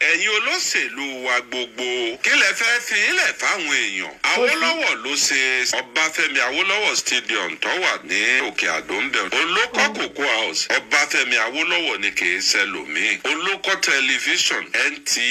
ẹ̀yin olóṣèlú wa gbogbo kí lẹ fẹ́ fi ilẹ̀ fáwọn èèyàn Awólọ́wọ̀ ló ṣe Ọbáfẹ́mi Awólọ́wọ̀ stadium tó wà ní Òkè Àdó ń bẹ̀rù olókọ́ kòkó house Ọbáfẹ́mi Awólọ́wọ̀ ni kì í ṣẹlòmíì olókọ́ tẹlifíṣọ̀n NTA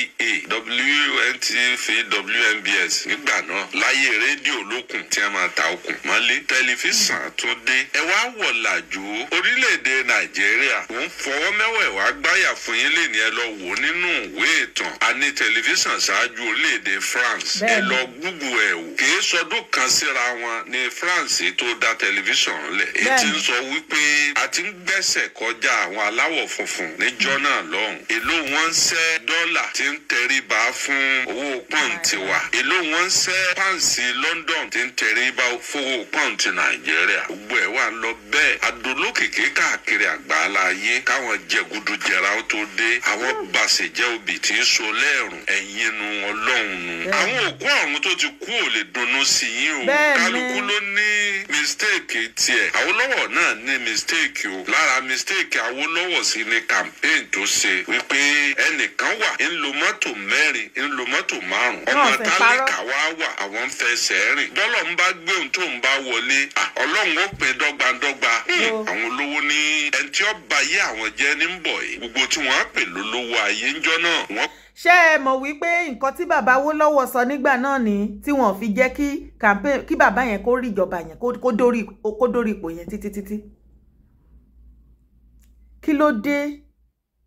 WNTV-WNBS nígbà náà láyé rédíò lókùn tí a máa ta okùn mọ́lé tẹlifíṣàn tó dé ẹ wá wọ̀ làjú orílẹ̀-èdè Nàìjíríà òun fọwọ́ mẹ́wẹ̀ẹ́wá gbáyà fún yín lè ní ẹ lọ wò nínú ìwé ìtàn a ní tẹlifíṣàn ṣáájú orílẹ̀-èdè France ẹ lọ gúgù ẹ̀ wò kìí sọdún kan síra wọn ní France tó dá tẹlifíṣàn lẹ̀ ètí ń sọ wípé a ti ń gbẹ́sẹ̀ kọjá àwọn aláwọ̀ funfun níjọ́ mm-hmm. náà lọ́hùn èló wọn ń ṣẹ́ dọ́là ti ń tẹríba fún owó pọ́ǹtì wa èló wọn ń ṣẹ́ pàǹsì London ti ń tẹríba fowó pọ́ǹtì Nàìjíríà gbogbo ẹ̀ wà lọ bẹ́ẹ̀ adolókìkí káàkiri àgbáńlá ayé káwọn jẹgúdú jẹra ó tó dé àwọn mm. bàṣẹjẹ òbí t tí í so lẹ́rùn ẹ̀yin nu ọlọ́run nu. àwọn òkú ọ̀run tó ti kú ò lè dunnú sí yín o kálukú ló ní mistake tiẹ̀ Awólọ́wọ̀ náà ní mistake o lára mistake Awólọ́wọ̀ sí ni campaign tó ṣe wípé ẹnìkan wà ń lo mọ́tò mẹ́rin ń lo mọ́tò márùn ọmọ tálíkà wá wà àwọn ń fẹsẹ̀ rìn bọ́lọ̀ ń bá gbé ohun tó ń bá wọlé ọlọ́run ó pín dọ́gbandọ́gba hmm. àwọn olówó ní ẹni tí ó bayé àwọn jẹ́ ní ń bọ̀ yìí gbogbo tí wọ́n á pè lólówó ayé ńjọ́ náà ṣé ẹ mọ̀ wípé nǹkan tí bàbá Awólọ́wọ̀ sọ nígbà náà ni tí wọ́n fi jẹ́ kí campaign kí bàbá yẹn kó rí ìjọba yẹn kó dórí kó dórí ipò yẹn títí títí kí ló dé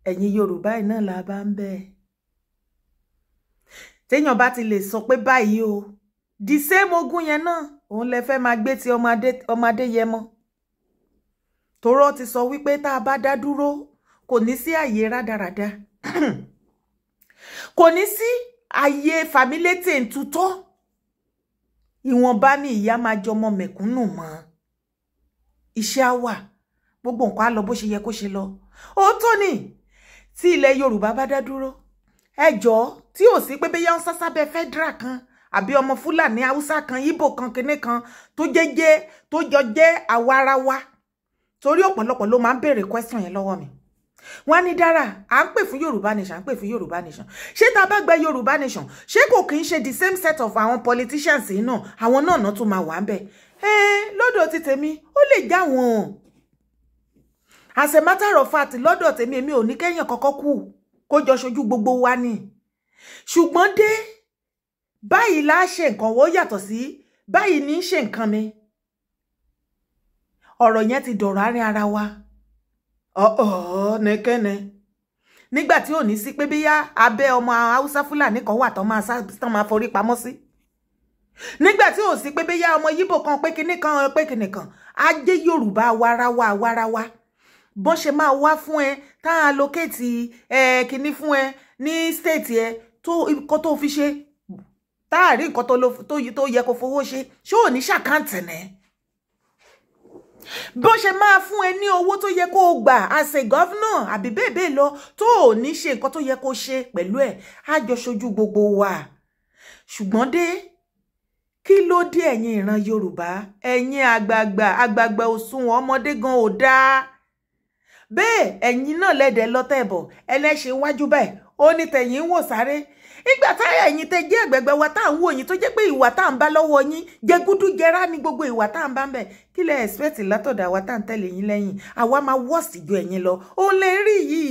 ẹ̀yin Yorùbá yìí náà la bá ń bẹ̀ téèyàn bá ti lè sọ pé báyìí o the same ogun yẹn náà òun lè fẹ́ máa gbé ti ọmọ Adéyẹmọ tòró ti sọ wípé tá a bá dá dúró kò ní sí àyè rádaràda. kò ní sí ayé fàmílétè ntutọ́ ìwọ̀nba ni ìyá máa jọmọ mẹ̀kúnnù mọ́ iṣẹ́ á wà gbogbo nǹkan á lọ bó ṣe yẹ kó ṣe lọ òótọ́ ni tí ilẹ̀ Yorùbá bá dá dúró ẹjọ́ tí ò sí pé bẹ́yà ń sásábẹ́ federal kan àbí ọmọ Fúlàní Haúsá kan Ìbò kan kinní kan tó jẹ́jẹ́ tó jọ jẹ́ àwa wa torí ọ̀pọ̀lọpọ̀ ló máa ń béèrè question yẹn lọ́wọ́ mi wọ́n ní dára à ń pè fún yorùbá nation à ń pè fún yorùbá nation ṣé tá a bá gba yorùbá nation ṣé kò kí n ṣe the same set of àwọn politicians yìí náà àwọn náà náà tún máa wà ń bẹ ẹ lọ́dọ̀ ti tèmi ó lè já wọn as a matter of fact lọ́dọ̀ tèmi èmi ò ní kẹ́yìn kọ́kọ́ kú kó jọ ṣojú gbogbo wa ni ṣùgbọ́n dé báyìí la ṣe nǹkan wọ́n yàtọ̀ sí báyìí ní í ṣe nǹkan mi ọ̀rọ̀ yẹn ti dọ̀rọ̀ àárín ara wa ọ̀ọ́ nẹ́kẹ́nẹ́ nígbà tí ò ní sí pé bíyá abẹ́ ọmọ haúsá fúlàní kan wà tán máa tán máa forí pamọ́ sí nígbà tí ò sí pé bíyá ọmọ yíbò kan pé kinní kan pé kinní kan á jẹ́ yorùbá warawa warawa bọ́n ṣe máa wá fún ẹ tá a lókèétì ẹ kinní fún ẹ ní stéètì ẹ tó nǹkan tó fi ṣe tá a rí nǹkan tó yẹ kó fowó ṣe ṣé ò ní ṣàkáǹtì náà bó ṣe máa fún ẹ ní owó tó yẹ kó o gbà as a governor àbí bẹ́ẹ̀ lọ tó ò ní ṣe nǹkan tó yẹ kó ṣe pẹ̀lú ẹ̀ á jọ ṣojú gbogbo wa ṣùgbọ́n dé kí ló dé ẹ̀yin ìran yorùbá ẹ̀yin àgbààgbà àgbààgbà òṣùwọ̀n ọmọdé gan ò dáa bẹ́ẹ̀ ẹ̀yin náà lẹ́dẹ̀ẹ́ lọ́tẹ̀ bọ̀ ẹlẹ́ṣin wájú báyìí ó ní tẹ̀yìn wò sáré ìgbà a ẹ̀yin tẹ jẹ́ ẹ̀gbẹ̀gbẹ̀ wa tá à ń wò yín tó jẹ́ pé ìwà tá à ń bá lọ́wọ́ yín jẹgúdú jẹrá ní gbogbo ìwà tá à ń bá ń bẹ̀ kí lẹ expect látọ̀dọ̀ àwa tá à ń tẹ̀lé yín lẹ́yìn àwa máa wọ́ọ̀sì ju ẹ̀yin lọ òun lè rí yìí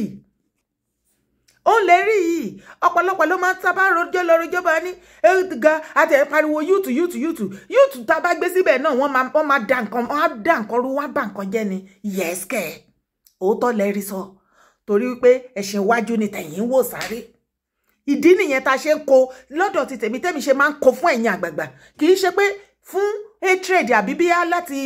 òun lè rí yìí ọ̀pọ̀lọpọ̀ ló máa ń sábà rojọ́ lọ rojọ́ bá ní ga àti ẹ̀ pariwo yúùtù yúùtù yúùtù yúùtù tá a bá gbé síbẹ̀ náà wọ́n máa dà nǹkan wọ́n á dà nǹkan rú wọ́n á bà ìdí nìyẹn tá a ṣe ń ko lọ́dọ̀ ti tèmi tèmi ṣe máa ń ko fún ẹ̀yin àgbààgbà kì í ṣe pé fún hatred àbí bíyá láti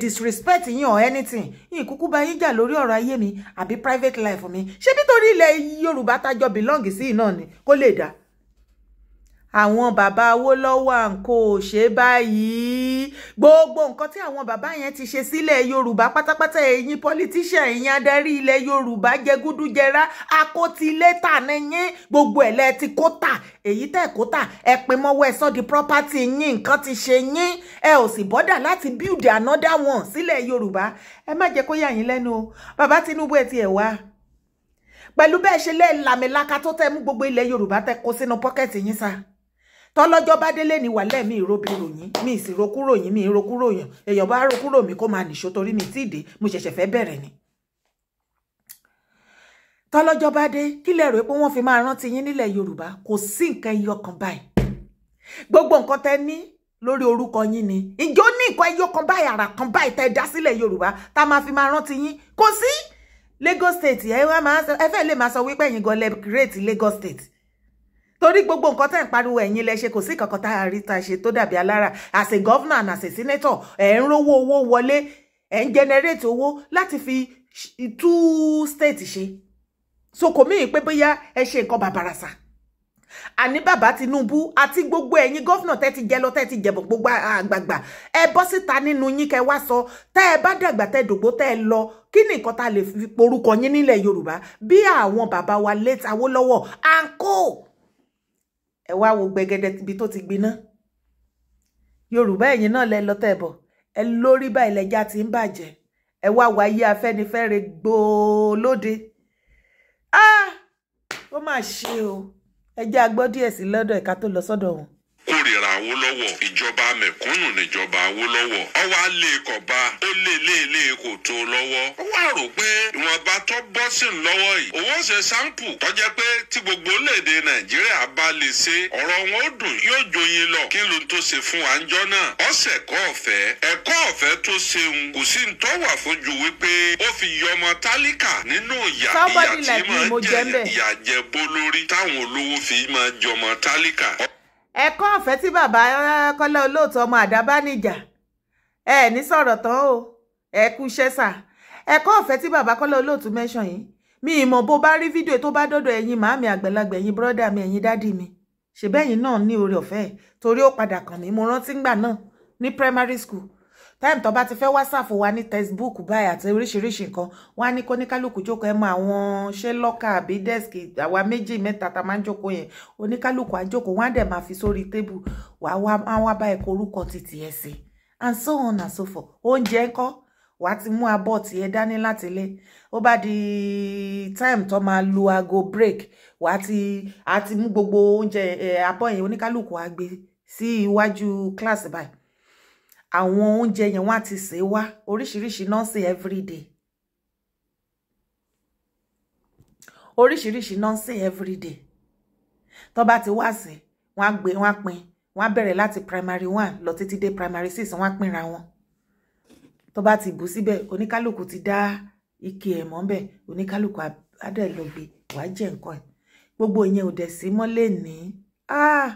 disrespect yín or anything yín kúkú bá yín jà lórí ọ̀rọ̀ ayé mi àbí private life mi ṣé nítorí ilẹ̀ Yorùbá tájọ belong sí náà ni kó lè dáa àwọn bàbá Awólọ́wọ̀ àǹkó ò ṣe báyìí gbogbo nǹkan tí àwọn bàbá yẹn ti ṣe sílẹ̀ Yorùbá pátápátá ẹ̀yin politician ẹ̀yin adarí ilẹ̀ Yorùbá jẹgúdújẹrá akótilétà nìyẹn gbogbo ẹ̀ lẹ́ẹ̀ ti kótà èyí tẹ̀ kótà ẹ pé mọ́wọ́ ẹ sọ́ di property yín nǹkan ti ṣe yín ẹ ò sì bọ́dà láti build another one sílẹ̀ Yorùbá ẹ má jẹ́ kó yà yín lẹ́nu o bàbá Tinubu ẹ̀ tiẹ̀ wá pẹ̀lú bẹ́ẹ̀ ṣe lẹ́ẹ̀ làmìlaka tó tẹ́ mú gbogbo ilẹ̀ Yorùbá tẹ́ kó sínú pọ́kẹ́tì yín sa tọ́lọ́jọ́ bá délé ní wàhálà mi ìrobi ròyìn mi ìsìrokú ròyìn mi ìrokú ròyìn èèyàn bá rokú rò kó máa nìṣó torí mi tí ì dé mo ṣẹ̀ṣẹ̀ fẹ́ bẹ̀rẹ̀ ni. tọ́lọ́jọ́ bá dé kílẹ̀ rò pé wọ́n fi máa rántí yín nílẹ̀ Yorùbá kò sí nǹkan ẹyọ kan báyìí gbogbo nǹkan tẹ ní lórí orúkọ yín ni ìjọ ní nǹkan ẹyọ kan báyìí àrà kan báyìí tẹ dá sílẹ̀ Yorùbá tá a máa fi máa rántí yín kò sí Lagos State ẹ wá máa ẹ fẹ́ lè máa sọ wípé ẹ̀yin gan lẹ create Lagos State torí gbogbo nǹkan tẹ̀ ń pariwo ẹ̀yin lẹ ṣe kò sí kankan tá a rí ta ṣe tó dàbí alára as a governor and as a senator ẹ̀ ń rówó owó wọlé ẹ̀ ń generate owó láti fi two state ṣe so kò míì pé bóyá ẹ ṣe nǹkan bàbàràsà àní bàbá Tinubu àti gbogbo ẹ̀yin gómìnà tẹ́ ti jẹ lọ tẹ́ ti jẹbọ gbogbo àgbààgbà ẹ bọ́ síta nínú yín kẹ́ wá sọ tẹ́ ẹ bá dàgbà tẹ́ dògbó tẹ́ ẹ lọ kí ni nǹkan tá a lè fi porúkọ yín nílẹ̀ Yorùbá bí àwọn bàbá wa late Awólọ́wọ̀ and co ẹ wá wo gbẹgẹdẹ ibi tó ti gbiná yorùbá ẹ̀yin náà lẹ lọ tẹbọ ẹ lórí báyìí lẹjà ti ń bàjẹ́ ẹ wá wo ayé afẹ́nifẹ́re gbòó ah! ó mà ṣe o ẹ jẹ́ agbọ́ díẹ̀ sí lọ́dọ̀ ẹ̀ka tó lọ sọ́dọ̀ wọn. Awólọ́wọ̀ ìjọba mẹ̀kúnnù níjọba Awólọ́wọ̀ ọwọ́ alẹ́ ikọ̀ e ó lé léèlé e e kò tó lọ́wọ́ ó wá pé ìwọ̀nba tó bọ́ sí ń lọ́wọ́ yìí owó ṣe sáǹpù tọ́jẹ́ pé tí gbogbo orílẹ̀ Nàìjíríà bá lè ṣe ọ̀rọ̀ wọn ó dùn yóò joyin lọ kí ló ń tó ṣe fún wa ń náà ọ̀sẹ̀ ẹ̀kọ́ ọ̀fẹ́ ẹ̀kọ́ ọ̀fẹ́ tó ṣeun kò sí ń tọ́ wà fojú wípé ó fi yọmọ tálíkà nínú ìyà ìyà tí máa jẹ ìyà jẹ bó lórí táwọn olówó fi máa jọmọ tálíkà ẹ̀kọ́ ọ̀fẹ́ tí bàbá Kọ́lá Olóòtú ọmọ àdábánijà ẹ ní sọ̀rọ̀ tán o ẹ kú iṣẹ́ sà ẹ̀kọ́ ọ̀fẹ́ tí bàbá Kọ́lá Olóòtú mẹ́sàn yìí mi ìmọ̀ bó bá rí fídíò tó bá dọ́dọ̀ ẹ̀yin màámi àgbàlagbà ẹ̀yin bírọ́dà mi ẹ̀yin dádì mi ṣèbẹ́yìn náà ní oore ọ̀fẹ́ torí ó padà kàn mí mo rántí ngbà náà ní primary school time to bá ti fẹ́ whatsapp wa ní textbook báyìí àti oríṣiríṣi nǹkan wọ́n á ní kó ní kálukú jókòó ẹ mọ àwọn ṣé lọ́kà àbí dẹ́sìkì àwa méjì mẹ́ta tá a máa ń jókòó yẹn fi sórí tébù wàá wá bá ẹ kọ orúkọ títì ẹ and so on and so forth oúnjẹ ńkọ́ wà á ti mú abọ́ tiẹ̀ dání láti ilé ó bá di time tó máa lu aago break wà á ti á ti mú gbogbo oúnjẹ abọ́ yẹn oníkálukú á gbé sí iwájú kíláàsì báyìí àwọn oúnjẹ yẹn wọ́n á ti sè wá oríṣiríṣi náà sè everyday oríṣiríṣi náà sè everyday tó bá ti wá sí wọ́n á gbé wọ́n á pín wọ́n á bẹ̀rẹ̀ láti primary one lọ títí dé primary six wọ́n á pínra wọn tó bá ti bù síbẹ̀ oníkálùkù ti dá ike ẹ̀ mọ́ bẹ̀ oníkálùkù adẹ́lọ́gbé wàá jẹ nǹkan ẹ̀ gbogbo ìyẹn ò dẹ̀ sí mọ́lẹ̀ ní. ah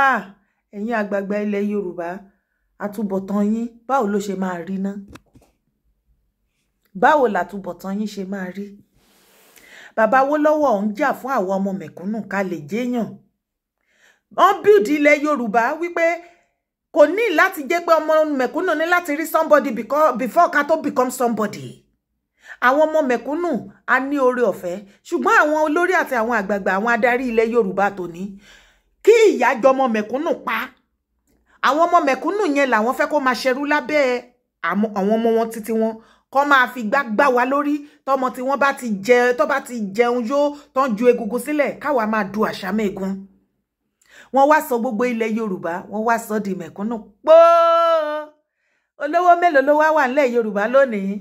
ah ẹ̀yin àgbààgbà ilẹ̀ yorùbá àtúbọ̀tán yín báwo ló ṣe máa rí ná báwo làtúbọ̀tán yín ṣe máa rí bàbá Awólọ́wọ̀ ń jà fún àwọn ọmọ mẹ̀kúnnù ká lè jẹ́yàn wọ́n bíùdì ilẹ̀ Yorùbá wípé kò ní láti jẹ́ pé ọmọ mẹ̀kúnnù ní láti rí somebody before ká tó become somebody àwọn ọmọ mẹ̀kúnnù a ní oore ọ̀fẹ́ ṣùgbọ́n àwọn olórí àti àwọn àgbààgbà àwọn adarí ilẹ̀ Yorùbá tòní kí ìyá jọmọ mẹ̀kúnnù pa àwọn ọmọ mẹ̀kúnnù yẹn làwọn fẹ́ kó máa ṣerú lábẹ́ àwọn ọmọ wọn títí wọn kọ́ máa fi gbá gbá wa lórí tọmọ tí wọ́n bá ti jẹ tó bá ti jẹun yó tán ju egungun sílẹ̀ káwa máa du àṣà mẹ́gun wọ́n wá sọ gbogbo ilẹ̀ Yorùbá wọ́n wá sọ di mẹ̀kúnnù póò olówó mélòó ló wá wà nílẹ̀ Yorùbá lónìí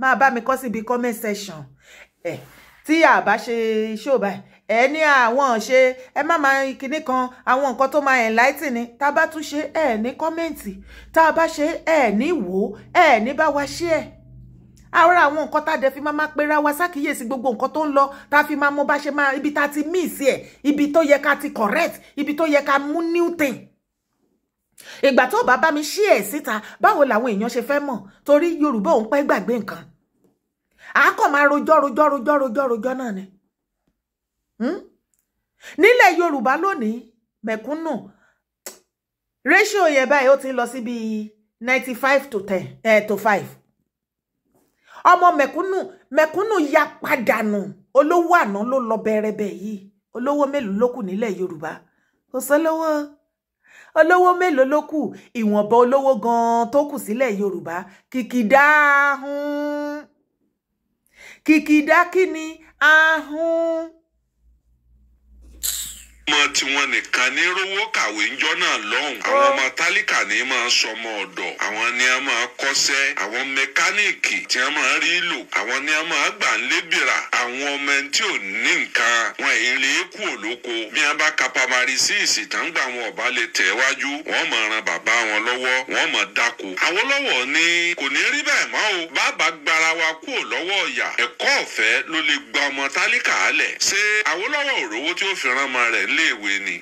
máa bá mi kọ síbi comment section ẹ tí àbá ṣe ṣó báyìí ẹ ní àwọn ṣe ẹ má máa kinní kan àwọn nǹkan tó máa enlighten ni tá a bá tún ṣe ẹ ní kọ́mẹ́ǹtì tá a bá ṣe ẹ ní wò ó ẹ ní bá wa ṣe ẹ ara àwọn nǹkan tá a dẹ̀ fi máa máa pera wa ṣàkíyèsí gbogbo nǹkan tó ń lọ tá a fi máa mọ bá ṣe máa ibi tá a ti miss ẹ̀ ibi tó yẹ ká ti correct ibi tó yẹ ká mú new thing ìgbà tó bá bá mi ṣí ẹ̀ síta báwo làwọn èèyàn ṣe fẹ́ mọ̀ torí Yorùbá òun pẹ́ gbàgbé nǹkan àákọ̀ máa rojọ́ rojọ́ rojọ́ rojọ́ náà ni Hmm? nílẹ̀ yorùbá lónìí mẹ̀kúnnù ratio yẹn báyìí ó ti ń lọ sí bíi ninety five to ten eh, to five ọmọ mẹ̀kúnnù mẹ̀kúnnù ya padànù olówó àná ló lọ bẹ̀rẹ̀bẹ̀ yìí olówó mélòó ló kù nílẹ̀ yorùbá kò sọ́lọ́wọ́ olówó mélòó ló kù ìwọ̀nba olówó gan-an tó kù sílẹ̀ yorùbá kìkìdá ahun kìkìdá kí ni ọmọ tiwọn nìkan ní rówó kàwé ńjọ́ náà lọ́hùn. àwọn ọmọ tálíkà ní máa sọmọ ọ̀dọ̀. àwọn ni a máa kọ́ṣẹ́. àwọn mẹkáníìkì tí a máa rí lò. àwọn ni a máa gbà ń lébìrà. àwọn ọmọ ẹni tí ò ní nǹkan. wọn èyí lè kú olóko. bí a bá ka pamari sí ìsìtàn wọn ọba lè tẹ̀ wájú. wọ́n máa ran bàbá wọn lọ́wọ́. wọ́n máa dáko. Awólọ́wọ̀ ni kò ní rí bẹ́ẹ̀ mọ́ o. bàbá gbara wa kú lọ́wọ́ ọ̀yà. ẹ̀kọ́ ọ̀fẹ́ ló gba ọmọ tálíkà alẹ̀. ṣé Awólọ́wọ̀ òrówó tí ó fi iléèwé ni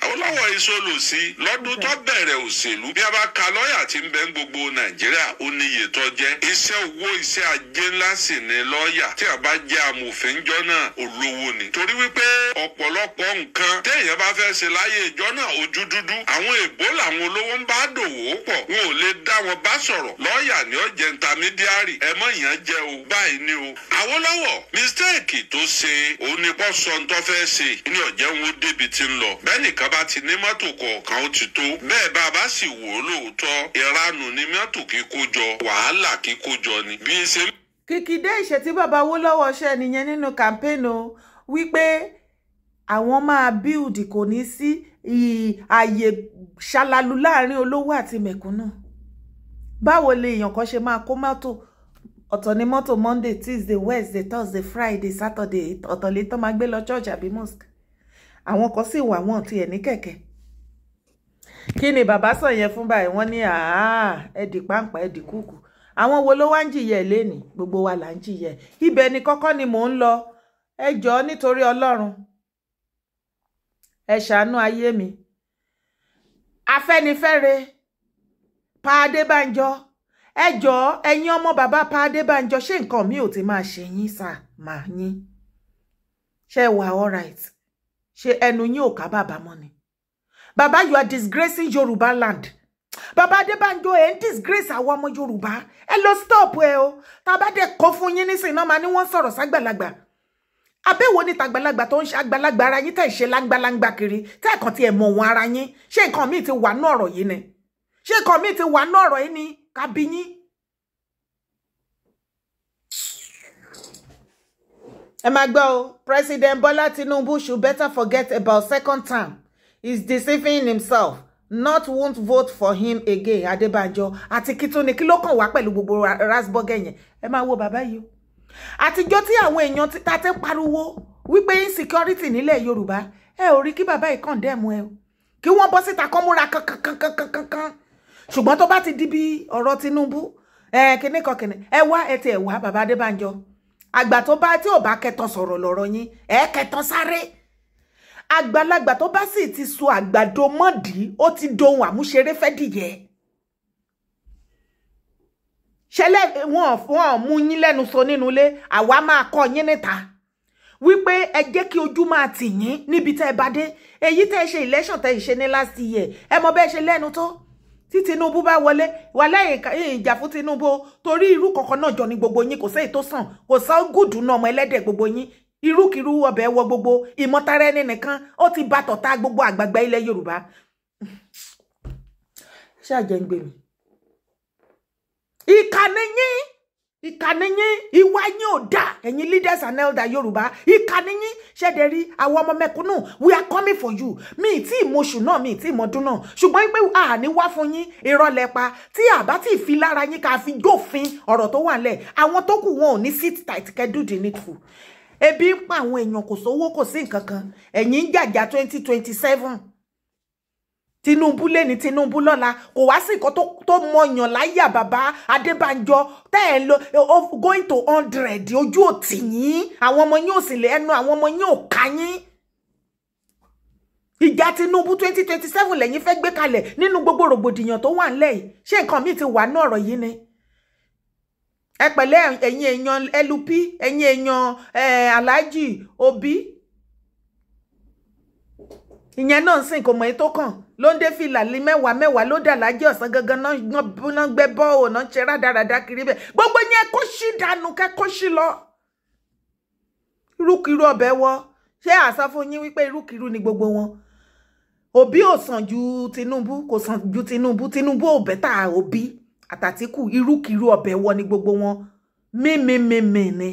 iso olosi lọ́dún tó bẹ̀rẹ̀ òṣèlú bí a bá ka lọ́ọ̀yà tí ń bẹ ń gbogbo Nàìjíríà ó ní iye tó jẹ́ iṣẹ́ owó iṣẹ́ ajé ńlá sì ni lọ́ọ̀yà tí a bá jẹ́ amòfin jọ náà olówó ni torí wípé ọ̀pọ̀lọpọ̀ nǹkan téèyàn bá fẹ́ ṣe láyé ìjọ náà ojú dúdú àwọn èbó làwọn olówó ń bá dòwò pọ̀ wọn ò lè wọn bá sọ̀rọ̀ lọ́ọ̀yà ni ó ẹ mọ̀ o báyìí ni o mistake tó ṣe òun ni ṣe ní ọ̀jẹ̀ lọ bẹ́ẹ̀ nìkan bá ti ní mọ́tò kọ̀ọ̀kan ó ti tó bẹ́ẹ̀ bá a bá sì wò ó lóòótọ́ ìranù ni mọ́tò kíkó jọ wàhálà kíkó jọ ni bí ẹ ṣe. kìkìdé ìṣètí bàbá owó lọ́wọ́ ṣẹ́ nìyẹn nínú campaign o wípé àwọn máa build kò ní sí ààyè ṣalalu láàrin olówó àti mẹ̀kúnnù báwo lè èèyàn kan ṣe máa kó mọ́tò ọ̀tọ̀ ni mọ́tò monday tuesday wednesday thursday friday saturday ọ̀tọ̀ lè tán máa gbé lọ church àbí mosque àwọn kan sì wà wọn tiẹ̀ ní kẹ̀kẹ́ kí ni bàbá sọ yẹn fún báyìí wọ́n ní ẹ̀dì páńpá ẹ̀dì kúkú àwọn wo ló wá ń jìyà ẹ̀ gbogbo wa là ń jìyà ibẹ̀ ni kọ́kọ́ ni mò ń lọ ẹ jọ̀ọ́ nítorí ọlọ́run ẹ ṣàánú ayé mi afẹ́nifẹ́re pa adébánjọ ẹ jọ̀ọ́ ẹ̀yin ọmọ bàbá pa ṣé nǹkan mi ò ti máa ṣe yín sà máa yín ṣe wà all right ṣé ẹnu yín ò ká bàbá mọ́ ni bàbá you are disgracing Yorùbá land bàbá Adébánjọ ẹ ń disgrace àwọn ọmọ Yorùbá ẹ lọ stop ẹ o tàbá dẹ kọ fún yín nísìnyí náà máa ní wọ́n sọ̀rọ̀ ságbàlagbà abẹ́wò ni tàgbàlagbà tó ń ṣe àgbàlagbà ara yín tẹ̀ ṣe láńgbàláńgbà kiri tẹ́ ẹ̀kan tiẹ̀ mọ̀ wọn ara yín ṣé nǹkan míì ti wà ní ọ̀rọ̀ yìí ni ṣé nǹkan míì ti wà ní ọ̀rọ̀ yìí ni kábíyín ẹ máa gbọ́ o president bola tinubu should better forget about second term he's deceiving himself not won't vote for him again Adebanjo, àti kí tún ni kí ló kàn wá pẹ̀lú gbogbo rasbọ́gẹ̀ yẹn ẹ máa wo bàbá yìí o àtijọ́ tí àwọn èèyàn ta ti pariwo wípé insecurity nílẹ̀ yorùbá ẹ ò rí kí bàbá yìí kàn dẹ́mu ẹ o kí wọ́n bọ́ síta kán múra kankankankankan ṣùgbọ́n tó bá ti di bí ọ̀rọ̀ tinubu ẹ kíní kan kíní ẹ wá ẹ ti ẹ wá bàbá adébánjọ àgbà tó bá tí ò bá kẹtàn sọ̀rọ̀ lọ́rọ̀ yín ẹ kẹtàn sáré àgbàlagbà tó bá sì ti so àgbàdo mọ́dì ó ti dohun àmúṣeré fẹ́ dìyẹ ṣẹlẹ̀ wọn wọn mú yín lẹ́nu sọ nínú ilé àwa máa kọ́ yín níta wípé ẹ jẹ́ kí ojú máa tì yín níbi tẹ́ ẹ bá dé èyí tẹ́ ẹ ṣe election tẹ́ ẹ ní last year ẹ mọ bẹ́ẹ̀ ṣe lẹ́nu tó tí Tinubu bá wọlé wà lẹ́yìn ìjà fún Tinubu torí irú kọ̀ọ̀kan náà jọ ni gbogbo yín kò sẹ́yìn tó sàn kò sá gùdù náà ọmọ ẹlẹ́dẹ̀ gbogbo yín irúkirú ọbẹ̀ wọ gbogbo ìmọ̀tara ẹni nìkan ó ti bá tọ̀tá gbogbo àgbàgbà ilẹ̀ Yorùbá ṣáà jẹ́ ń gbé ìkànnì yín ìkà ni yín ìwà yín ò dáa ẹ̀yin leaders and elders yorùbá ìkà ni yín ṣẹ̀dẹ̀ rí àwọn ọmọ mẹ̀kúnnù we are coming for you mi tí ìmọ̀ṣù náà mi tí ìmọ̀dún náà ṣùgbọ́n pé àní wá fún yín ìrọ̀lẹ́ pa tí àbá tí ìfi lára yín ká fi gbófin ọ̀rọ̀ tó wà lẹ̀ àwọn tó kù wọn ò ní sit tight kẹ́dùdì nìtù ebi ń pa àwọn èèyàn kò sówó kò sí nǹkan kan ẹ̀yin jàjà twenty twenty seven Tinubu lẹ́ni Tinubu lọ́la kò wá sí nǹkan tó mọyàn láyà bàbá Adébánjọ tẹ́ ẹ̀ ń lọ going to hundred ojú òtì yín àwọn ọmọ yín ò sì lè ẹnu àwọn ọmọ yín ò ká yín. ìjà Tinubu twenty twenty seven lẹ́yìn fẹ́ gbé kalẹ̀ nínú gbogbo rògbòdìyàn tó wà ńlẹ̀ yìí ṣé nǹkan míì ti wà ní ọ̀rọ̀ yìí ni. ẹ pẹ̀lẹ́ ẹ̀yin èèyàn LP ẹ̀yin èèyàn eh, Alhaji Obi ìyẹn náà sìn kò mọ̀ èyí tó kàn ló ń dé fìlà lé mẹ́wàá mẹ́wàá ló dà lájẹ́ ọ̀sán gangan náà gbẹ́ bọ́ọ̀ náà ṣe rádaràda kiri bẹ́ẹ̀ gbogbo yẹn kó ṣì dànù kẹ́ ṣì lọ. irúkirú ọbẹ̀ wọ ṣé àṣà fún yín wípé irúkirú ni gbogbo wọn òbí ò sàn ju Tinubu kò sàn ju Tinubu Tinubu ò bẹ́tà òbí àtàtìkù irúkirú ọbẹ̀ wọ ni gbogbo wọn mímímímí ni.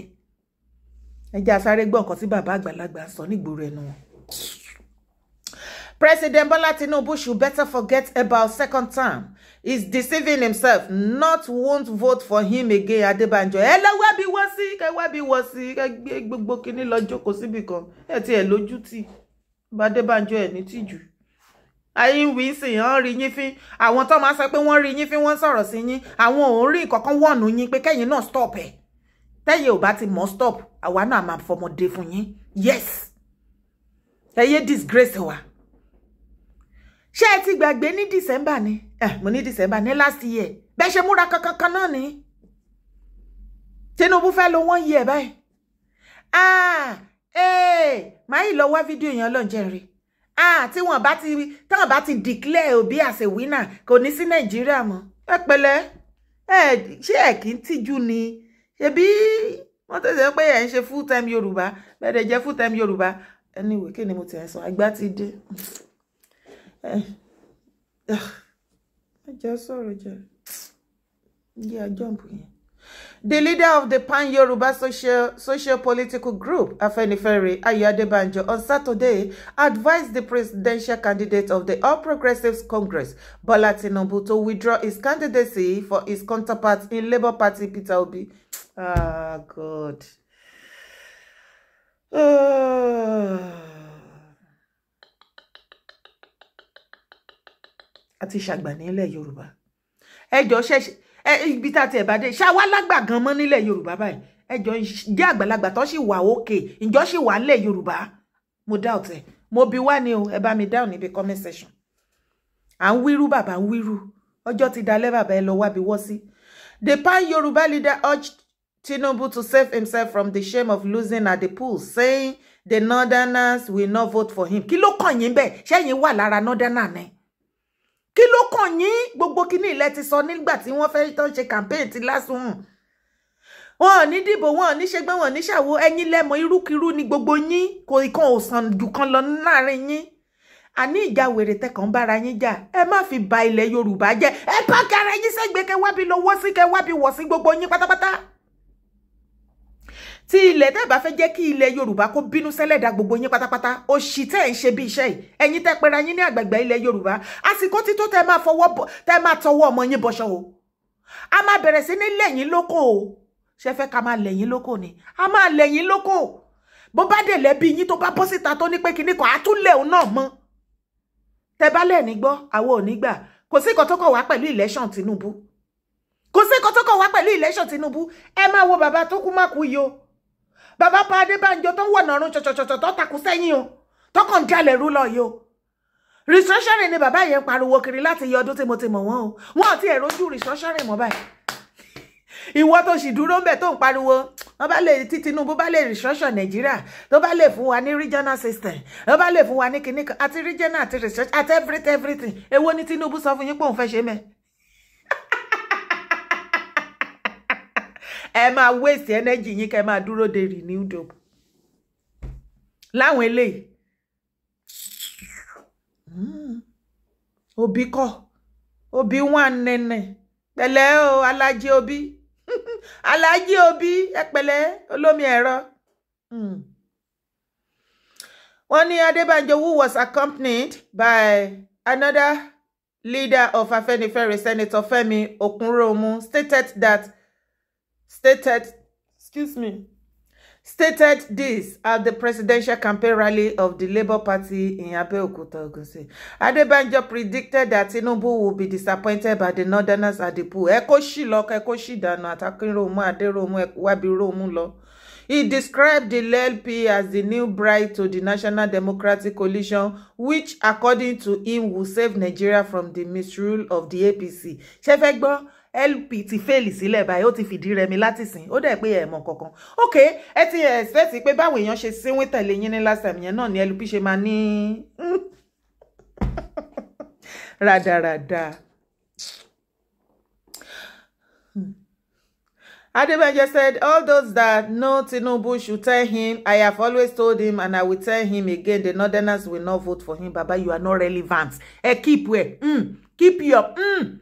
ẹ jẹ́ a sáré gbọ́ nǹkan tí bàbá àgbàlagbà sọ nígboro ẹnu wọn. President Bola Tinubu should better forget about second term. He's deceiving himself. Not won't vote for him again, Adebanjo. hello, lọ wá bí wọ́n sí, kẹ wá bí wọ́n sí, kẹ gbé gbogbo kinní lọ jókòó síbì kan. Ẹ ti ẹ̀ lójú tì. Bàdébànjọ ẹ̀ ní tìjú. Ayé ń wí sí, wọ́n rí yín fín. Àwọn tó máa sọ pé wọ́n rí yín fín, wọ́n sọ̀rọ̀ sí yín. Àwọn ò rí nǹkankan wọ̀nù yín pé kẹ́yìn náà stop ẹ̀. Tẹ́yẹ ò bá ti mọ̀ stop, àwa náà máa Yes! Ẹ yé disgrace wa ṣé ẹ ti gbàgbé ní December ni eh, mo ní December ní last year bẹ́ẹ̀ ṣe múra kankan kan náà ni Tinubu fẹ́ lo one year báyìí ah ee eh, máa yìí lọ wá fídíò yẹn ọlọ́njẹ́ rí ah tí wọ́n bá ti táwọn bá ti declare Obi as a winner kò ní sí Nàìjíríà mọ́ ẹ pẹ̀lẹ́ ẹ ṣé ẹ kì í tìjú ni ṣebí wọ́n tẹ̀sẹ̀ pé ẹ̀ ń ṣe full time Yorùbá bẹ́ẹ̀ dẹ̀ jẹ́ full time Yorùbá anyway kí ni mo ti ẹ̀ sọ àgbà ti dé. Eh. ẹjọ́ sọ̀rọ̀ jẹ́ ilé àjọǹbù yẹn. The leader of the Pan Yoruba social, social political group, Afeni Ferry Ayadebanjo on Saturday advised the presidential candidate of the All Progressives Congress, Bola Tinubu, to withdraw his candidacy for his counterpart in Labour Party, Peter Obi. Ah, God. ti ṣàgbà nílẹ̀ yorùbá ẹjọ́ ṣẹ̀ṣẹ̀ ibi tá a ti ẹ̀ bá dé ṣáwá lágbà gan mọ́ nílẹ̀ yorùbá báyìí ẹjọ́ jẹ́ àgbàlagbà tó sì wà òkè ǹjọ́ sì wà nílẹ̀ yorùbá mo doubt ẹ̀ mo bi wá ni o ẹ bá mi down níbi comment section à ń wíru bàbá ń wíru ọjọ́ ti dalẹ́ bàbá ẹ lọ wábi wọ́ sí the pan yorùbá leader urged Tinubu to save himself from the shame of losing at the poll, saying the Northerners will not vote for him. Kí ló kàn yín bẹ́ẹ̀? Ṣẹ́yìn wà lára Northerners ni? kí ló kàn yín gbogbo kíní ilẹ̀ ti sọ nígbà tí wọ́n fẹ́ tán ṣe campaign ti lásùn wọn ò ní dìbò wọn ò ní ṣègbè wọn ò ní ṣàwo ẹ̀yin lẹ́mọ̀ irúkirú ni gbogbo yín kò ìkan ò sàn jù kan lọ láàrin yín àní ìjà wèrè tẹkàn bára yín jà ẹ má fi ba ilẹ̀ Yorùbá jẹ́ ẹ bá kẹrẹ yín sẹ́gbẹ̀ẹ́ kẹwàá bí lọ́wọ́ sí kẹwàá bí wọ̀ sí gbogbo yín pátápátá tí ilẹ̀ tẹ́ bá fẹ́ jẹ́ kí ilẹ̀ yorùbá kó bínú sẹ́lẹ̀dá gbogbo yín pátápátá òṣì tẹ́ ẹ̀ ń ṣe bí iṣẹ́ yìí ẹ̀yin tẹ́ pera yín ní àgbàgbà ilẹ̀ yorùbá àsìkò tí tó tẹ́ máa fọwọ́ tẹ́ máa tọwọ́ ọmọ yín bọṣọ o a máa bẹ̀rẹ̀ sí ní lẹ́yìn lóko o ṣe fẹ́ ká máa lẹ́yìn lóko ni a máa lẹ́yìn lóko bó bá dé lẹ́bi yín tó bá bọ́ síta tó ní pé kinní kan àtúnlẹ̀ òun náà mọ́ tẹ bá lẹ́ẹ̀ní gbọ́ àwọn ò ní gbà kò sí nǹkan tó kàn wá pẹ̀lú election Tinubu kò sí nǹkan tó kàn ẹ máa wo bàbá tó kú má kú yìí o bàbá pa Adébánjọ tó ń wọ̀nà ọ̀run ṣọ̀ṣọ̀ṣọ̀ṣọ̀ tó takú sẹ́yìn o tó kàn jalè rú lọ yìí o restructuring ni bàbá yẹn pariwo kiri láti yọ ọdún tí mo ti mọ̀ wọ́n o wọn àti ẹ̀rọ ojú restructuring mọ́ báyìí ìwọ tó sì dúró ń bẹ̀ tó ń pariwo wọn bá lè tí Tinubu bá lè restructure Nàìjíríà tó bá lè fún wa ní regional system tó bá lè fún wa ní kinní kan àti regional àti restructure àti everything everything èwo ni Tinubu sọ fún yín pé òun fẹ́ ṣe mẹ́ẹ̀. ẹ máa waste energy yín kẹ́ máa dúró de renewed hope láwọn eléyìí hmm. òbí kọ òbí wà nẹnẹ pẹ̀lẹ́ o alájí òbí alájí òbí ẹ olómi ẹ̀rọ. Mm. ní Adébánjọ who was accompanied by another leader of Afenifere, Senator Femi Okunromu, stated that stated, excuse me, stated this at the presidential campaign rally of the Labour Party in Abeokuta, Ogun State. Adebanjo predicted that Tinubu will be disappointed by the northerners at the poll. Ẹ kó ṣì lọ, ẹ kó ṣì dànù, Akinrunmu, Aderounmu, Wabirounmu lọ. He described the LP as the new bride to the National Democratic Coalition, which, according to him, will save Nigeria from the misrule of the APC. Ṣé fẹ́ gbọ́? lp ti fẹ́ẹ̀lì sílẹ̀ báyìí ó ti fìdí rẹmi láti sìn ó dẹ̀ pé ẹ̀ mọ̀ kankan ok ẹ ti expect pé báwo èèyàn ṣe sínwín tẹ̀lé yín ní last time yẹn náà ni lp ṣe máa ní hmm. rádaràda. Hmm. Adebanjo said, all those that know Tinubu should tell him, I have always told him and I will tell him again, the Northerners will not vote for him. Baba, you are not relevant. Hey, keep where? Hmm. keep your... Mm,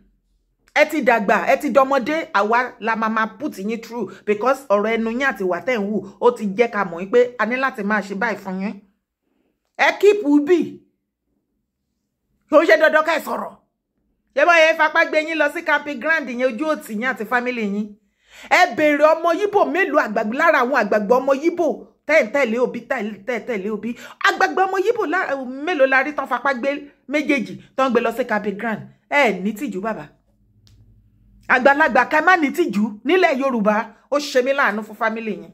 ẹ ti dàgbà ẹ ti dọmọdé àwa la máa máa put yín through because ọ̀rọ̀ ẹnu yín àti ìwà tẹ̀ ń wù ó ti jẹ́ ká mọ̀ yín pé a ní láti máa ṣe báyìí fún yín ẹ keep ubì kò ṣe dandan ká ẹ sọ̀rọ̀ ṣé bọ́ fapá gbé yín lọ sí camping ground yẹn ojú òtì yín àti family yín ẹ béèrè ọmọ yíbò mélòó àgbàgbé lára àwọn àgbàgbé ọmọ yíbò tẹ́ẹ̀tẹ́lé òbí tẹ́ẹ̀tẹ́lé òbí àgbàgbà ọmọ yíbò mélòó la rí tán fapá gbé méjèèjì tán gbé lọ sí camping ground ẹ ní tìjú bàbá àgbàlagbà ká má ní tìjú nílẹ̀ yorùbá ó ṣe mí láàánú fún fámílì yín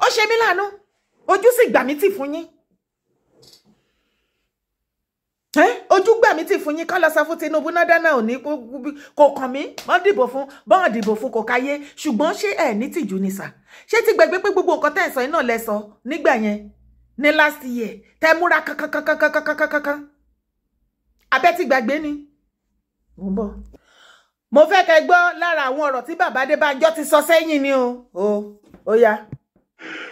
ó ṣe mí láàánú ojú sì gbà mí tì fún yín ojú gbà mí tì fún yín kọ́ lọ sọ fún Tinubu náà dáná òní kò kàn mí wọ́n dìbò fún bọ́ọ̀n dìbò fún kò káyé ṣùgbọ́n ṣé ẹ̀ ní tìjú ni sà ṣé ti gbàgbé pé gbogbo nǹkan tẹ̀ ń sọ yín náà lẹ sọ nígbà yẹn ní last year tẹ́ múra kankankankankankankankan abẹ́ ti gbàgbé ni. Mo ń mo fẹ́ kẹ́ gbọ́ lára àwọn ọ̀rọ̀ tí bàbá Adébánjọ ti sọ sẹ́yìn ni o o ó yá.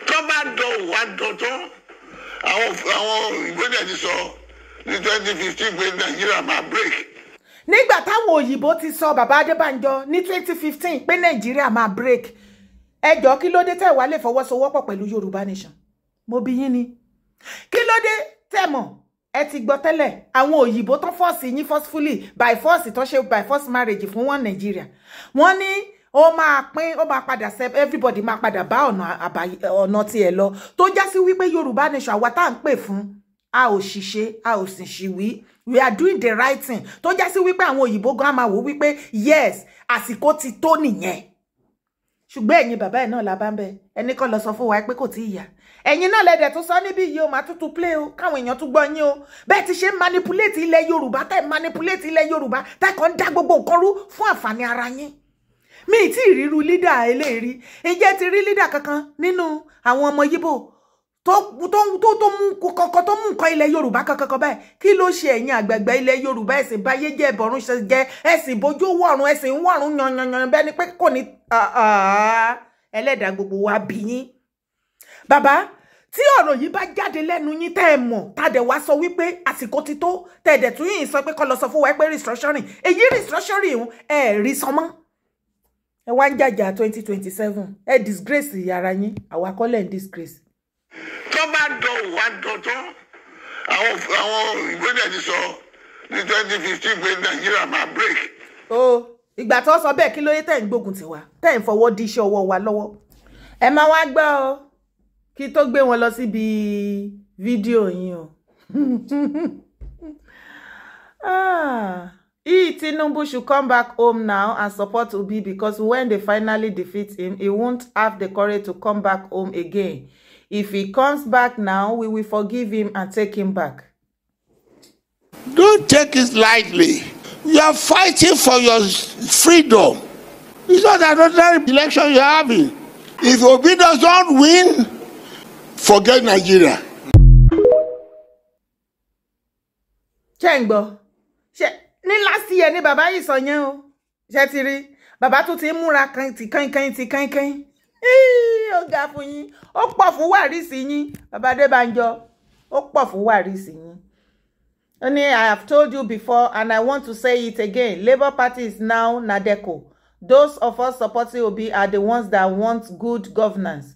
tó bá dán wá dọ̀tọ́ àwọn àwọn ìgbésẹ̀ ti sọ ní twenty fifteen pé nàìjíríà máa break. nígbà táwọn òyìnbó ti sọ bàbá Adébánjọ ní twenty fifteen pé nàìjíríà máa break ẹjọ́ kí ló dé tẹ̀ wá lè fọwọ́sowọ́pọ̀ pẹ̀lú Yorùbá Nation mo bi yín ni kí ló dé tẹ̀ mọ̀ ẹ ti gbọ́ tẹ́lẹ̀ àwọn òyìnbó tán fọ́ọ̀sì yín forcefully by force tán ṣe by force marriage fún wọn nàìjíríà wọ́n ní ó máa pín ó máa padà sẹ everybody máa padà bá ọ̀nà ọ̀nà tiẹ̀ lọ tó já sí wípé yorùbá nation àwa tá à ń pè fún a ò ṣiṣẹ́ a ò sì ṣìwí we are doing the right thing tó já sí wípé àwọn òyìnbó gan máa wò wípé yes àsìkò ti tó nìyẹn ṣùgbọ́n ẹ̀yin bàbá ẹ̀ náà la bá ń bẹ ẹnì kan lọ sọ fún wa pé kò tí ì yá ẹ̀yin náà lẹ́dẹ̀ tó sọ níbí yìí o máa tútù play o káwọn èèyàn tún gbọ́ yín o bẹ́ẹ̀ ti ṣe ń manipulate ilẹ̀ yorùbá tẹ́ manipulate ilẹ̀ yorùbá tẹ́ kàn ń dá gbogbo nǹkan rú fún àǹfààní ara yín mi ì tí ì ríru lídà eléyìí ǹjẹ́ ti rí lídà kankan nínú àwọn ọmọ yíbò tó tó tó mú kankan tó mú nǹkan ilẹ̀ yorùbá kankan báyìí kí ló ṣe ẹ̀yin àgbàgbà ilẹ̀ yorùbá ẹ̀sìn báyé jẹ́ ẹ̀bọ̀rún ṣe jẹ́ ẹ̀sìn bójú wọ̀run ẹ̀sìn wọ̀run yanyanyan bẹ́ẹ̀ ni pé kò ní ẹlẹ́dàá gbogbo wa bí yín bàbá tí ọ̀rọ̀ yìí bá jáde lẹ́nu yín tẹ́ ẹ mọ̀ tàdé wá sọ wípé àsìkò ti tó tẹ̀dẹ̀ tún yìí sọ pé kọ́ lọ sọ fún wa pé restructuring èyí restructuring ìhun ẹ̀ rí sanmọ́ ẹ wá ń jàjà twenty twenty seven ẹ disgrace ara yín àwa kọ́ lẹ̀ ń disgrace. tó bá dọ̀ wá dọ̀tán àwọn àwọn ìgbésẹ̀ ti sọ ní twenty fifteen pé nàìjíríà máa break. o ìgbà tó sọ bẹ́ẹ̀ kí ló yẹ tẹ́ ń gbógun tiwa tẹ́ ń fọwọ́ di iṣẹ́ ọwọ́ wa lọ́wọ́ ẹ máa wá gbọ́ o kí tó gbé wọn lọ síbi fídíò yín o e tinubu should come back home now and support obi because when they finally defeat him he won't have the courage to come back home again if he comes back now we will forgive him and take him back. don't take it lightly you are fighting for your freedom it's not an ordinary election you are having if obi doesn't win forget Nigeria. ṣé ń gbọ́ ṣe ní lásì yẹn ni bàbá yìí sọ yẹn o ṣe ti rí bàbá tún ti ń múra ti kankan ti kankan ó ga fún yín ó pọ̀ fún wàrísì yín bàbá Adébánjọ ó pọ̀ fún wàrísì yín. Only I have told you before and I want to say it again. Labour Party is now Nadeco. Those of us supporting Obi are the ones that want good governance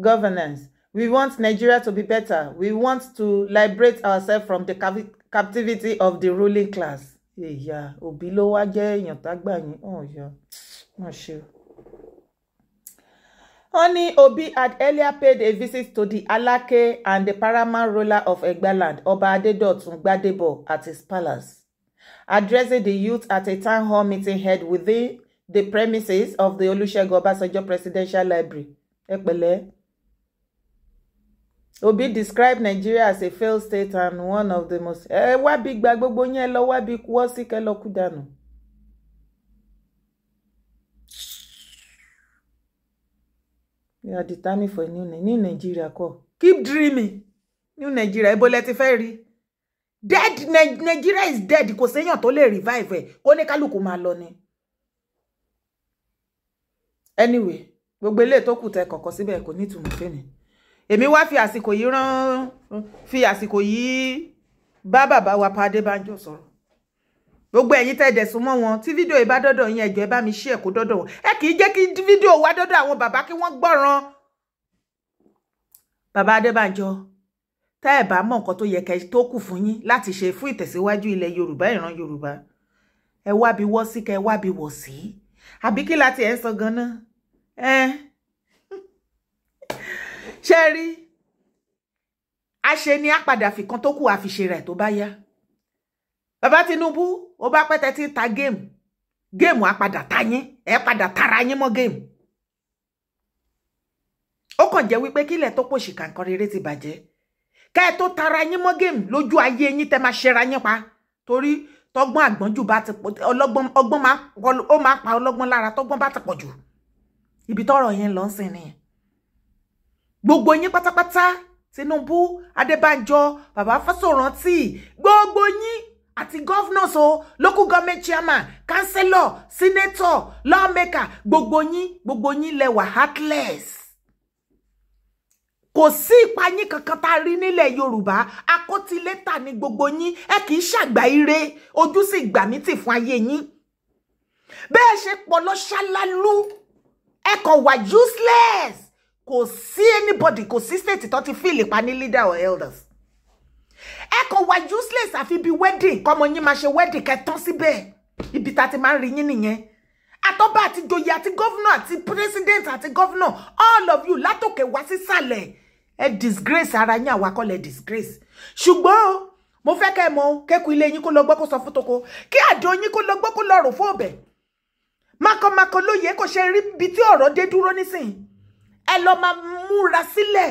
governance. We want Nigeria to be better. We want to liberate ourselves from the cap captivity of the ruling class. Ìyá òbí ló wá jẹ́ èèyàn tágbà yín ọ̀yọ́ wọ́n Obi had earlier paid a visit to the Alake and the paramount ruler of Egbaland, Ọba Adedotun Gbadebo, at his palace, addressing the youth at a town hall meeting held within the premises of the Olusegun Obasanjo Presidential Library. Ẹ Obi described Nigeria as a failed state and one of the most ẹ wá bí gba gbogbo yẹn lọ wá bí wọ́ sí kẹ́ lọ kú dànù. You are determined for new, new Nigeria kọ keep dreaming new Nigeria ibo lẹ ti fẹ́ rí dead Nigeria is dead kò séèyàn tó lè revive ẹ̀ kó ní kálukú máa lọ ni. Anyway gbogbo eléyìí tó kù tẹ kọ̀ọ̀kan síbẹ̀ kò ní ìtumọ̀ fẹ́mi èmi wá fi àsìkò yìí rán fi àsìkò yìí bá bàbá wa Pa Adébánjọ sọ̀rọ̀ gbogbo ẹ̀yin tẹ́ dẹ̀sùn mọ́ wọn tí fídíò yìí bá dọ́dọ̀ yín ẹ̀jọ̀ ẹ bá mi ṣí ẹ̀kọ́ dọ́dọ̀ wọn ẹ kì í jẹ́ kí fídíò wá dọ́dọ̀ àwọn bàbá kí wọ́n gbọ́ràn bàbá Adébánjọ tẹ́ ẹ̀ bá mọ̀ nǹkan tó yẹ kẹ́ tó kù fún yín láti ṣe fún ìtẹ̀síwájú ilẹ̀ Yorùbá ìran Yorùbá ẹ wá bi sí kẹ́ ẹ wá sí àbí kí láti ẹ̀ sọ ganan ẹ́ eh ṣe rí àṣe ni a padà fìkan tó kù àfiṣe rẹ̀ tó bá yá bàbá Tinubu ó bá pẹ́ tẹ́tí ta géèmù géèmù á padà ta yín ẹ padà tara yín mọ́ géèmù ó kàn jẹ́ wípé kílẹ̀ tó pòṣì kàǹkan rere ti bàjẹ́ kẹ́ ẹ tó tara yín mọ́ géèmù lójú ayé yín tẹ́ máa ṣera yín pa torí tọ́gbọ́n àgbọ́njù bá ti pọ̀ ọlọ́gbọ́n ọgbọ́n máa ó máa pa ọlọ́gbọ́n lára tọ́gbọ́n bá ti pọ̀ jù ibi tọ́rọ̀ yẹn lọ ń nìyẹn gbogbo yín pátápátá Tinubu Adébánjọ bàbá Fáṣọ̀rántì gbogbo yín àti governors o local government chairman councillor senator lawmaker gbogbo yín gbogbo yín lẹwà heartless kò sí ìpayín kankan tá a rí nílẹ̀ yorùbá akótilétà ni gbogbo yín ẹ kì í ṣàgbà ire ojú sì gbà mí tì fún ayé yín bẹ́ẹ̀ ṣe pọ̀ lọ́ṣáláàlú ẹ kàn wà useless kò sí anybody kò sí state tó ti feel ipa ní leader or elders ẹ kò wá useless àfi bíi wedding kọ́mọ yín máa ṣe wedding kẹtàn síbẹ̀ ibi tá a ti máa ń rí yín nìyẹn àtọ́ba àti joyè àti gọ́vnà àti president àti gọ́vnà all of you látòkè wá sísàlẹ̀ ẹ disgrace ara yín àwa kọ́ disgrace ṣùgbọ́n mo fẹ́ kẹ́ ẹ mọ̀ kẹ́kù ilé yín kó lọ gbọ́ kó sọ fún toko kí àdó yín kó lọ gbọ́ kó lọ rò fún ọ̀bẹ mákọmákọ lóye kò ṣe rí ibi tí ọ̀rọ̀ dé dúró nísìnyí ẹ lọ máa múra sílẹ̀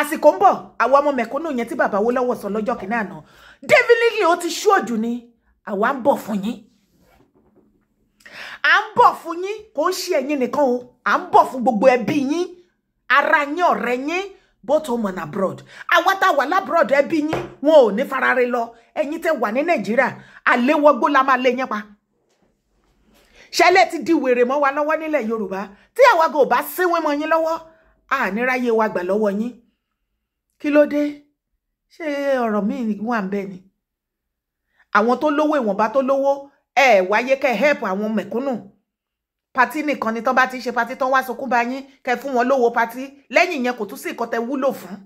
àsìkò ń bọ̀ àwa ọmọ mẹ̀kúnnù yẹn tí bàbá Awólọ́wọ̀ sọ lọ́jọ́ kìíní àná definitely ó ti ṣú ni àwa ń bọ̀ fún yín à ń bọ̀ fún yín kò ń ṣe ẹ̀yin nìkan o à ń bọ̀ fún gbogbo ẹbí yín ara yín ọ̀rẹ́ yín both home abroad àwa wà lábroad ẹbí yín wọn ò ní farare lọ ẹ̀yin tẹ́ wà ní Nàìjíríà àléwọgbó la máa lé yín pa ṣẹlẹ̀ ti di wèrè mọ́ wa lọ́wọ́ nílẹ̀ Yorùbá tí àwa gò bá síwín mọ́ yín lọ́wọ́ àníráyé wa gbà lọ́wọ́ yín kí ló dé ṣé ọ̀rọ̀ míì wà ń bẹ ni àwọn tó lówó ìwọ̀nba tó lówó ẹ wáyé kẹ́ help àwọn mẹ̀kúnnù pati nìkan ni tán bá ti ṣe pati tán wá sọkún bá yín kẹ́ fún wọn lówó pati lẹ́yìn yẹn kò tún sí nǹkan tẹ́ wúlò fún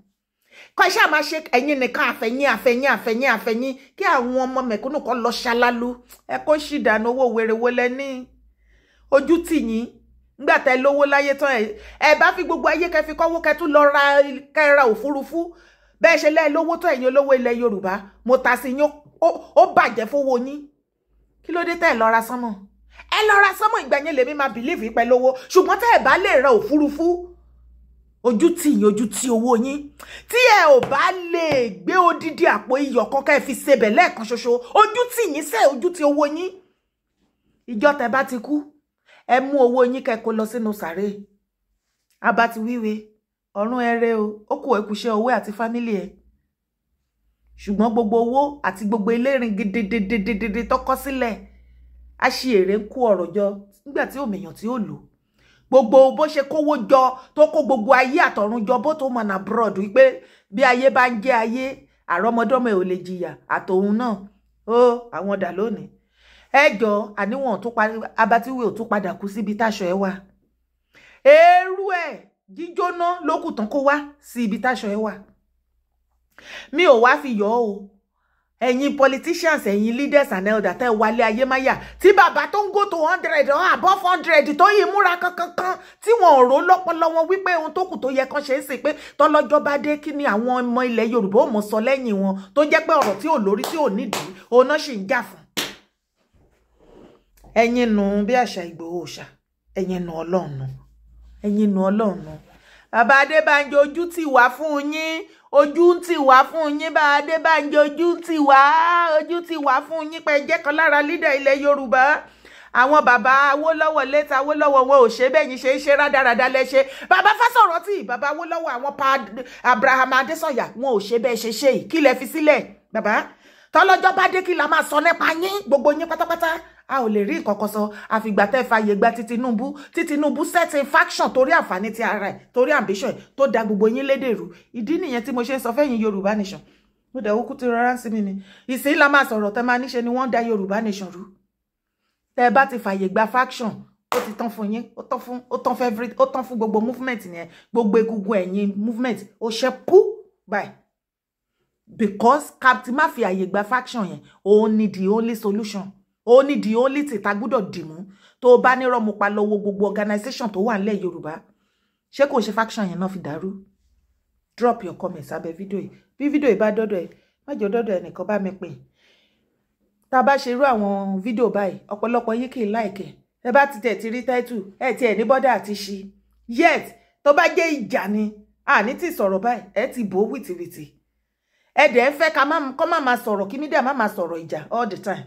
kọ́ ẹ ṣáà máa ṣe ẹ̀yin nìkan àfẹ̀yìn àfẹ̀yìn àfẹ̀yìn àfẹ̀yìn kí àwọn ọmọ mẹ̀kúnnù kan lọ ṣalálu ẹ kó ṣì dànù owó wèrèwó lẹ́ni ojú tì yín nígbà tẹ lówó láyé tán ẹ bá fi gbogbo ayé kẹ fi kọ́wọ́ kẹ tún lọ ra kẹra òfurufú bẹ́ẹ̀ ṣe lẹ́ẹ̀ lówó tán ẹ̀yin olówó ilẹ̀ Yorùbá mo ta sí yín ó bàjẹ́ fowó yín kí ló dé tẹ́ ẹ̀ lọ ra sánmọ̀ ẹ lọ ra ìgbà yẹn lèmi máa bìlíìfù pẹ́ lówó ṣùgbọ́n tẹ́ ẹ̀ bá lè ra òfurufú ojú tì yín ojú tì owó yín tí ẹ ò bá lè gbé odidi àpò iyọ̀ kan ká ẹ fi sebẹ̀ lẹ́ẹ̀kan ṣoṣo ojú tì yín sẹ́ẹ̀ ojú tì owó yín ìjọ tẹ́ bá ti kú ẹ mú owó yín kẹ́ kó lọ sínú sàré abá ti wíwe ọ̀run ẹrẹ o ó kù ẹkùṣẹ́ owó àti fámílì ẹ̀ ṣùgbọ́n gbogbo owó àti gbogbo elérin gidigidigidi tọkọ sílẹ̀ a ṣe èrè ń kó ọ̀rọ̀ jọ nígbà tí òmìyàn tí ó lò gbogbo bó ṣe kówó jọ tó kó gbogbo ayé àtọ̀run jọ bó tó mọ̀ nà abroad wípé bí ayé bá ń jẹ́ ayé àrọ́mọdọ́mọ ẹ̀ ò lè jìyà àtòun náà ó àwọn dà lónìí ẹjọ́ àníwọ̀n tó parí abatiwe ò tún padà kú síbi táṣọ ẹ wà eérú ẹ jíjóná lókù tán kó wá sí ibi táṣọ ẹ wà mi ò wá fi yọ o ẹ̀yin politicians ẹ̀yin leaders and elders tẹ́ wálé ayémáyà tí bàbá tó ń go to hundred or above hundred tó yìí múra kankankan tí wọn ò rò lọ́pọlọ wọn wípé ohun tó kù tó yẹ kán ṣe é sì pé tọ́lọ́jọ́ bá dé kí ni àwọn ọmọ ilẹ̀ Yorùbá ò mọ̀ sọ lẹ́yìn wọn tó jẹ́ pé ọ̀rọ̀ tí ò lórí tí ò nídìí òun náà sì ń jà fún ẹ̀yin nu bí àṣà Ìgbòho ṣá ẹ̀yin nu Ọlọ́run nu ẹ̀yin nu Ọlọ́run nu bàbá Adébánjọ ojú ti wà fún yín ojú ti wà fún yín bàbá Adébánjọ ojú ti wà ojú ti wà fún yín pé jẹ́ kan lára lídà ilẹ̀ Yorùbá àwọn bàbá Awólọ́wọ̀ létà Awólọ́wọ̀ wọn ò ṣe bẹ́ẹ̀ yín ṣe é ṣe rádaràda lẹ́ṣẹ̀ bàbá Fásọ̀rántì bàbá Awólọ́wọ̀ àwọn pa Abraham Adésọ̀yà wọn ò ṣe bẹ́ẹ̀ ṣe ṣe yìí kí lẹ fi sílẹ̀ bàbá tọ́lọ́jọ́ bá dé kí la máa sọ nípa yín gbogbo yín pátápátá a ò lè rí ìkọ̀kọ̀ sọ àfìgbà tẹ́ fàyè gba ti Tinubu ti Tinubu certain faction torí àǹfààní ti ara ẹ̀ torí ambition ẹ̀ tó da gbogbo yín lédèrú ìdí nìyẹn tí mo ṣe ń sọ fẹ́yìn Yorùbá nation mo dẹ̀ wókú ti rọra ń sinmi ni ìsìn la máa sọ̀rọ̀ tẹ́ máa níṣe ni wọ́n ń da Yorùbá nation rú tẹ́ bá ti fàyè gba faction ó ti tán fún yín ó tán fún ó tán fún every ó tán fún gbogbo movement yẹn gbogbo egungun ẹ̀yìn movement ó ṣe pú báyìí because captain Mafia fi gba faction yẹn òun ni the only solution ó ní the only thing ta gbúdọ̀ dìmú tó bá nírọ́ mo pa lọ́wọ́ gbogbo organization to wa nílẹ̀ yoruba ṣé kò ṣe faction yẹn náà fi dàrú drop your comments abe video yìí video fídíò yìí bá dọ́dọ̀ ẹ̀ má jẹ́ dọ́dọ̀ ẹ̀ nìkan bá mi pè tá a bá ṣe irú àwọn fídíò báyìí ọ̀pọ̀lọpọ̀ yìí like e bá ti tẹ̀ ti rí táìtù ẹ tiẹ̀ ní bọ́dà àti ṣí yet tó bá jẹ́ ìjà ni àní tí sọ̀rọ̀ báyìí ẹ ti bò ó wìtìwìtì ẹ dẹ̀ ń fẹ́ ká má má sọ̀rọ̀ kí mídíà má má sọ̀rọ̀ ìjà all the time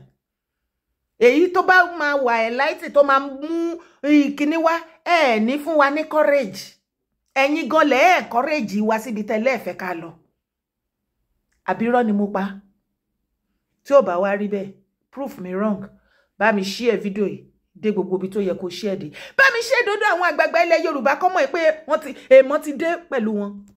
èyí tó bá máa wà ẹ̀ láìtì tó máa mú ìkíní wá ẹ̀ ní fún wa ní courage ẹ̀yin gan lẹ́ ẹ̀ courage wá síbi tẹ́lẹ̀ ẹ̀fẹ́ ká lọ àbírọ́ ni mo pa tí ò bá wá rí bẹ́ẹ̀ proof mi wrong bá mi share fídíò yìí dé gbogbo ibi tó yẹ kó share dé bá mi share dòdò àwọn àgbààgbà ilẹ̀ Yorùbá kọ́mọ̀ ẹ pé wọ́n ti èèmọ̀ ti dé pẹ̀lú wọn.